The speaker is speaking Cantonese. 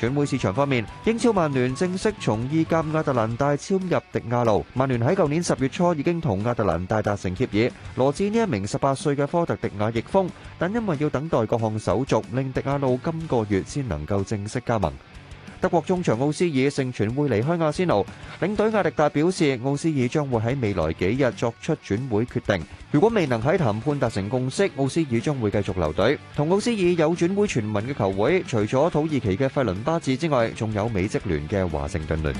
轉會市場方面，英超曼聯正式從意甲亞特蘭大簽入迪亞路。曼聯喺舊年十月初已經同亞特蘭大達成協議，羅致呢一名十八歲嘅科特迪亞翼鋒，但因為要等待各項手續，令迪亞路今個月先能夠正式加盟。德國中場奧斯爾盛傳會離開阿仙奴，領隊亞迪達表示奧斯爾將會喺未來幾日作出轉會決定。如果未能喺談判達成共識，奧斯爾將會繼續留隊。同奧斯爾有轉會傳聞嘅球會，除咗土耳其嘅費倫巴治之外，仲有美職聯嘅華盛頓聯。